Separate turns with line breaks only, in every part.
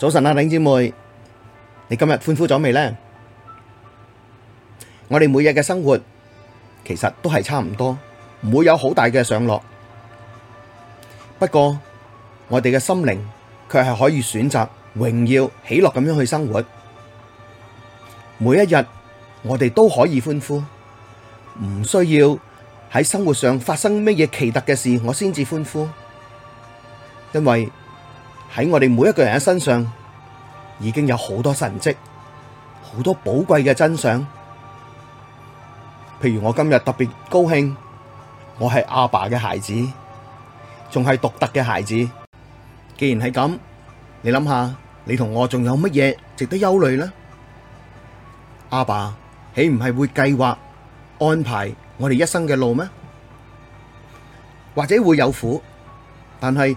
早晨啊，玲姐妹，你今日歡呼咗未呢？我哋每日嘅生活其實都係差唔多，唔會有好大嘅上落。不過我哋嘅心靈卻係可以選擇榮耀喜樂咁樣去生活。每一日我哋都可以歡呼，唔需要喺生活上發生乜嘢奇特嘅事，我先至歡呼，因為。喺我哋每一個人嘅身上，已經有好多神蹟，好多寶貴嘅真相。譬如我今日特別高興，我係阿爸嘅孩子，仲係獨特嘅孩子。既然係咁，你諗下，你同我仲有乜嘢值得憂慮呢？阿爸豈唔係會計劃安排我哋一生嘅路咩？或者會有苦，但係。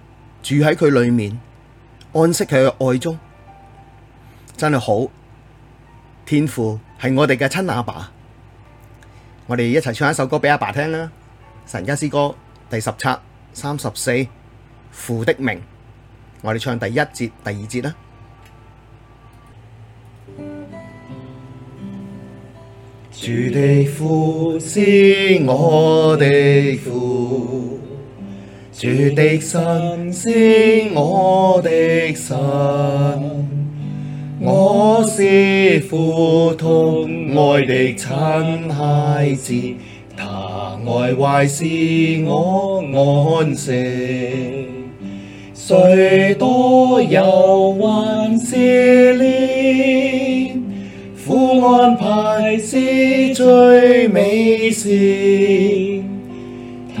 住喺佢裏面，安息佢嘅愛中，真係好。天父係我哋嘅親阿爸，我哋一齊唱一首歌畀阿爸聽啦。神家詩歌第十冊三十四父的名，我哋唱第一節、第二節啦。主的父是我的
父。主的神是我的神，我是父疼愛的親孩子，他愛懷是我安息，雖多憂患、試煉，父安排是最美善。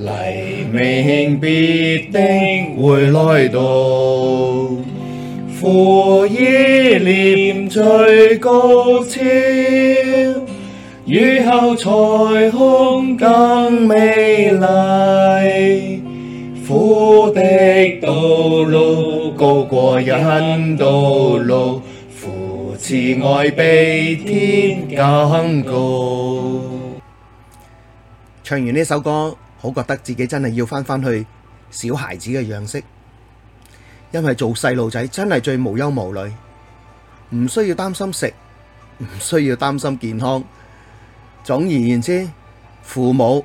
黎明必定會來到，父意念最高超，雨後彩虹更美麗。父的道路高過人道路，父慈愛比天更高。
唱完呢首歌。好覺得自己真係要翻返去小孩子嘅樣式，因為做細路仔真係最無憂無慮，唔需要擔心食，唔需要擔心健康。總而言之，父母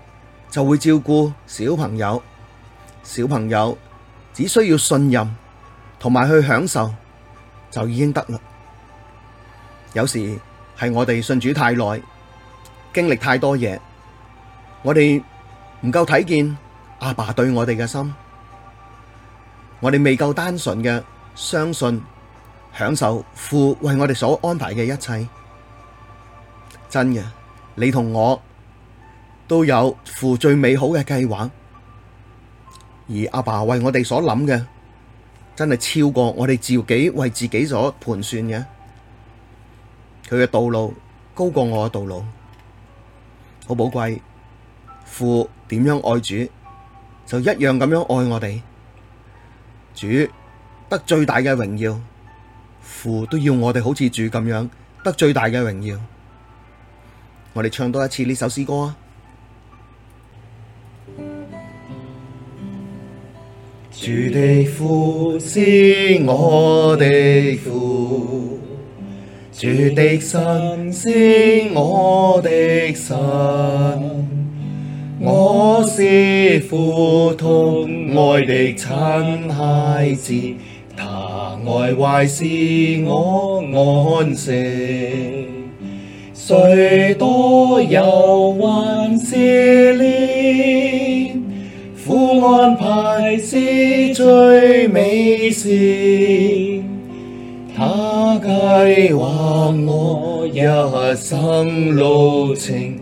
就會照顧小朋友，小朋友只需要信任同埋去享受就已經得啦。有時係我哋信主太耐，經歷太多嘢，我哋。唔夠睇見阿爸對我哋嘅心，我哋未夠單純嘅相信、享受父為我哋所安排嘅一切。真嘅，你同我都有父最美好嘅計劃，而阿爸為我哋所諗嘅，真係超過我哋自己為自己所盤算嘅，佢嘅道路高過我嘅道路，好寶貴。父點樣愛主，就一樣咁樣愛我哋。主得最大嘅榮耀，父都要我哋好似主咁樣得最大嘅榮耀。我哋唱多一次呢首詩歌啊！
主的父是我的父，主的神是我的神。我是父疼愛的親孩子，他愛懷是我安息。雖多憂患、試煉，父安排是最美善，他計劃我一生路程。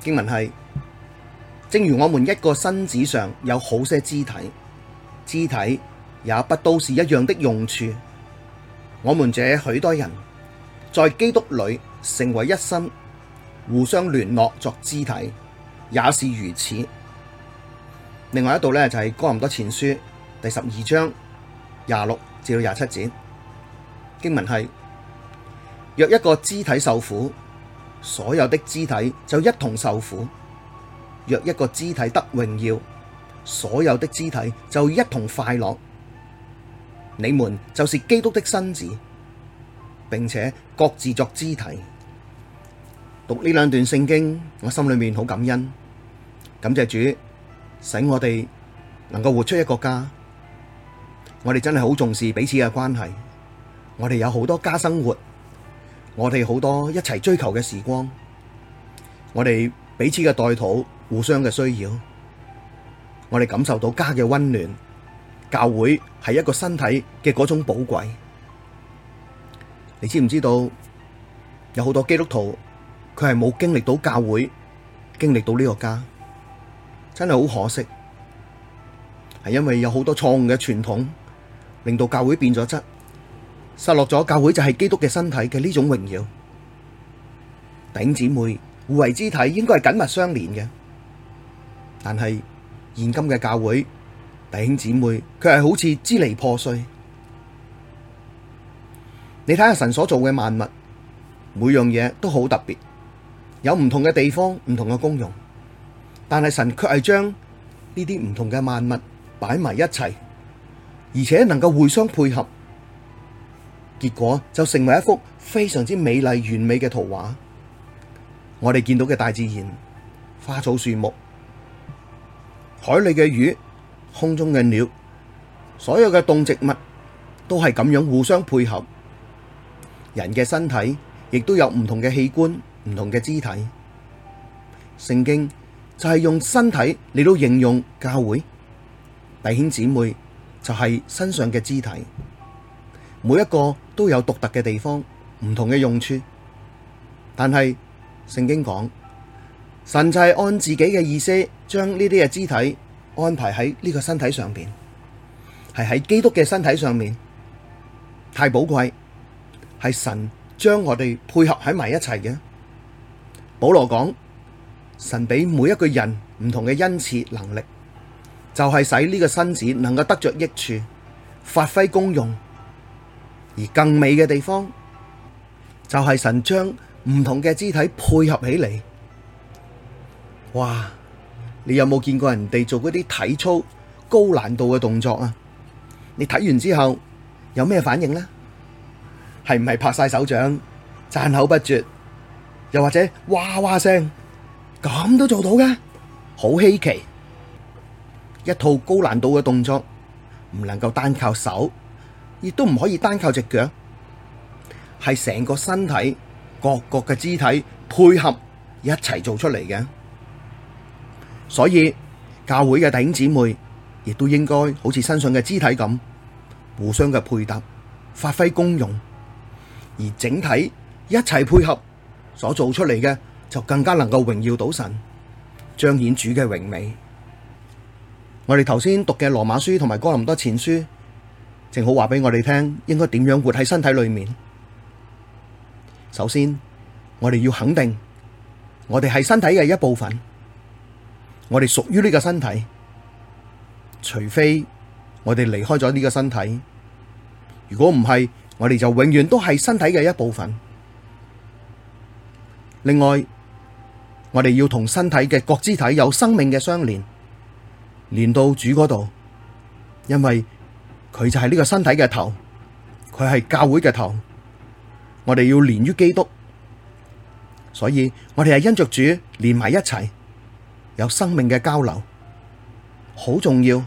經文係，正如我們一個身子上有好些肢體，肢體也不都是一樣的用處。我們這許多人，在基督裏成為一身，互相聯絡作肢體，也是如此。另外一度呢，就係、是、哥林多前書第十二章廿六至到廿七節。經文係，若一個肢體受苦。所有的肢體就一同受苦；若一個肢體得榮耀，所有的肢體就一同快樂。你們就是基督的身子，並且各自作肢體。讀呢兩段聖經，我心裏面好感恩，感謝主，使我哋能夠活出一個家。我哋真係好重視彼此嘅關係，我哋有好多家生活。我哋好多一齊追求嘅時光，我哋彼此嘅代禱，互相嘅需要，我哋感受到家嘅溫暖。教會係一個身體嘅嗰種寶貴。你知唔知道有好多基督徒，佢係冇經歷到教會，經歷到呢個家，真係好可惜。係因為有好多錯誤嘅傳統，令到教會變咗質。失落咗教會就係基督嘅身體嘅呢種榮耀，弟兄姊妹互為肢體應該係緊密相連嘅，但係現今嘅教會，弟兄姊妹卻係好似支離破碎。你睇下神所做嘅萬物，每樣嘢都好特別，有唔同嘅地方，唔同嘅功用，但係神卻係將呢啲唔同嘅萬物擺埋一齊，而且能夠互相配合。結果就成為一幅非常之美麗完美嘅圖畫。我哋見到嘅大自然，花草樹木、海裏嘅魚、空中嘅鳥，所有嘅動植物都係咁樣互相配合。人嘅身體亦都有唔同嘅器官、唔同嘅肢體。聖經就係用身體嚟到應用教會，弟兄姊妹就係身上嘅肢體。每一個都有獨特嘅地方，唔同嘅用處。但係聖經講，神就係按自己嘅意思，將呢啲嘅肢體安排喺呢個身體上邊，係喺基督嘅身體上面。太寶貴，係神將我哋配合喺埋一齊嘅。保羅講，神俾每一個人唔同嘅恩賜能力，就係使呢個身子能夠得着益處，發揮功用。而更美嘅地方，就係神將唔同嘅肢體配合起嚟。哇！你有冇見過人哋做嗰啲體操高難度嘅動作啊？你睇完之後有咩反應呢？係唔係拍晒手掌、讚口不絕，又或者哇哇聲？咁都做到嘅，好稀奇！一套高難度嘅動作，唔能夠單靠手。亦都唔可以單靠隻腳，係成個身體各個嘅肢體配合一齊做出嚟嘅。所以教會嘅弟兄姊妹亦都應該好似身上嘅肢體咁，互相嘅配搭，發揮功用，而整體一齊配合所做出嚟嘅，就更加能夠榮耀到神，彰顯主嘅榮美。我哋頭先讀嘅羅馬書同埋哥林多前書，正好話俾我哋聽，應該點樣活喺身體裏面？首先，我哋要肯定，我哋係身體嘅一部分，我哋屬於呢個身體，除非我哋離開咗呢個身體。如果唔係，我哋就永遠都係身體嘅一部分。另外，我哋要同身體嘅各肢體有生命嘅相連，連到主嗰度，因為。佢就係呢個身體嘅頭，佢係教會嘅頭，我哋要連於基督，所以我哋係因着主連埋一齊，有生命嘅交流，好重要。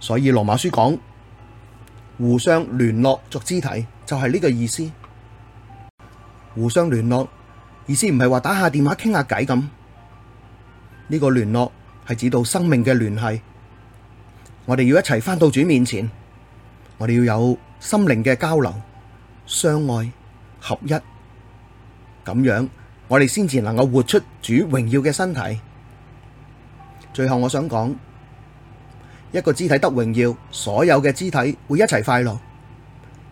所以羅馬書講互相聯絡作肢體，就係呢個意思。互相聯絡意思唔係話打下電話傾下偈咁，呢、呢個聯絡係指到生命嘅聯繫。我哋要一齊返到主面前，我哋要有心靈嘅交流、相愛合一，咁樣我哋先至能夠活出主榮耀嘅身體。最後我想講，一個肢體得榮耀，所有嘅肢體會一齊快樂，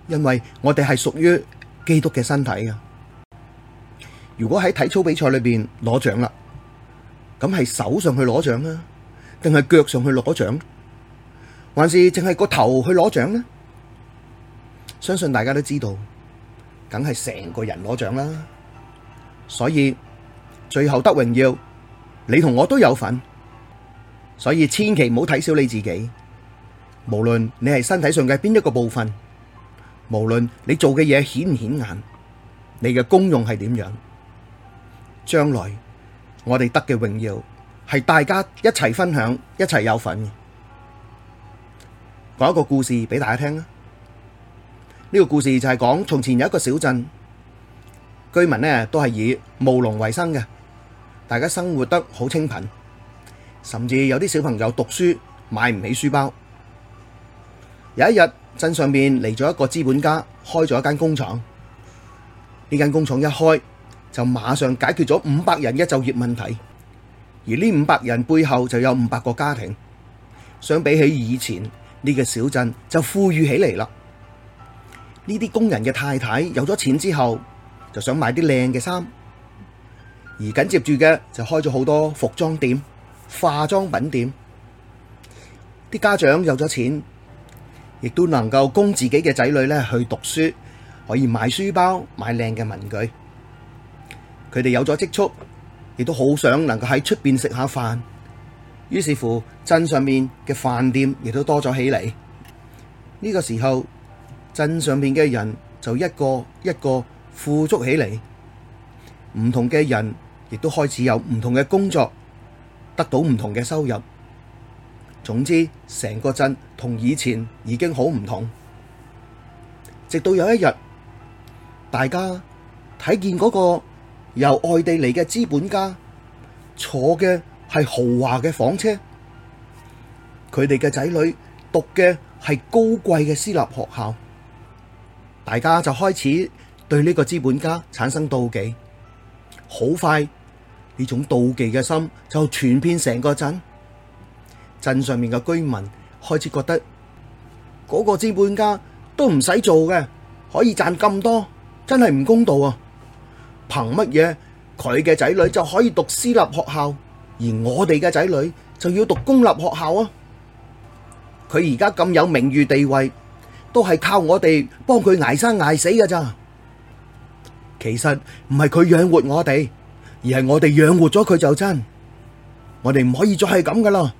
因為我哋係屬於基督嘅身體啊。如果喺體操比賽裏邊攞獎啦，咁係手上去攞獎啊，定係腳上去攞獎？還是淨係個頭去攞獎呢？相信大家都知道，梗係成個人攞獎啦。所以最後得榮耀，你同我都有份。所以千祈唔好睇小你自己，無論你係身體上嘅邊一個部分，無論你做嘅嘢顯唔顯眼，你嘅功用係點樣，將來我哋得嘅榮耀係大家一齊分享，一齊有份。講一個故事俾大家聽啦。呢個故事就係講從前有一個小鎮，居民呢都係以務農為生嘅，大家生活得好清貧，甚至有啲小朋友讀書買唔起書包。有一日，鎮上面嚟咗一個資本家，開咗一間工廠。呢間工廠一開就馬上解決咗五百人嘅就業問題，而呢五百人背後就有五百個家庭。相比起以前，呢個小鎮就富裕起嚟啦。呢啲工人嘅太太有咗錢之後，就想買啲靚嘅衫，而緊接住嘅就開咗好多服裝店、化妝品店。啲家長有咗錢，亦都能夠供自己嘅仔女咧去讀書，可以買書包、買靚嘅文具。佢哋有咗積蓄，亦都好想能夠喺出邊食下飯。於是乎，鎮上面嘅飯店亦都多咗起嚟。呢個時候，鎮上面嘅人就一個一個富足起嚟。唔同嘅人亦都開始有唔同嘅工作，得到唔同嘅收入。總之，成個鎮同以前已經好唔同。直到有一日，大家睇見嗰個由外地嚟嘅資本家坐嘅。係豪華嘅房車，佢哋嘅仔女讀嘅係高貴嘅私立學校，大家就開始對呢個資本家產生妒忌。好快呢種妒忌嘅心就傳遍成個鎮。鎮上面嘅居民開始覺得嗰個資本家都唔使做嘅，可以賺咁多，真係唔公道啊！憑乜嘢佢嘅仔女就可以讀私立學校？而我哋嘅仔女就要讀公立學校啊！佢而家咁有名譽地位，都係靠我哋幫佢捱生捱死嘅咋。其實唔係佢養活我哋，而係我哋養活咗佢就真。我哋唔可以再係咁噶啦，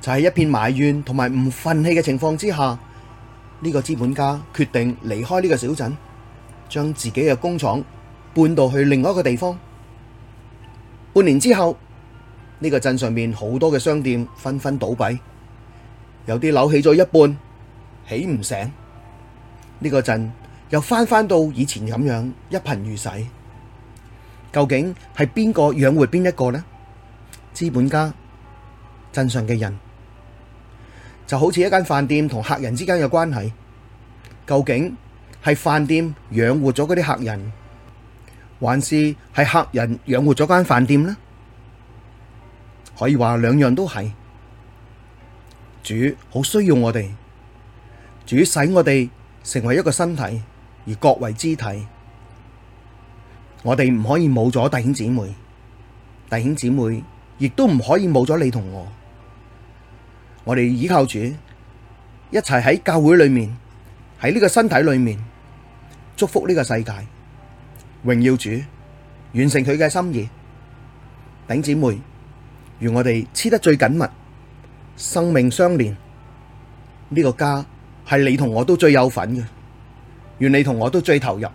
就係一片埋怨同埋唔忿氣嘅情況之下，呢個資本家決定離開呢個小鎮，將自己嘅工廠搬到去另外一個地方。半年之後，呢個鎮上面好多嘅商店紛紛倒閉，有啲樓起咗一半起唔成。呢個鎮又翻返到以前咁樣，一貧如洗。究竟係邊個養活邊一個呢？資本家，鎮上嘅人就好似一間飯店同客人之間嘅關係，究竟係飯店養活咗嗰啲客人？還是係客人養活咗間飯店啦，可以話兩樣都係。主好需要我哋，主使我哋成為一個身體而各為肢體。我哋唔可以冇咗弟兄姊妹，弟兄姊妹亦都唔可以冇咗你同我。我哋依靠主，一齊喺教會裏面，喺呢個身體裏面祝福呢個世界。榮耀主，完成佢嘅心意。頂姊妹，願我哋黐得最緊密，生命相連。呢、這個家係你同我都最有份嘅，願你同我都最投入。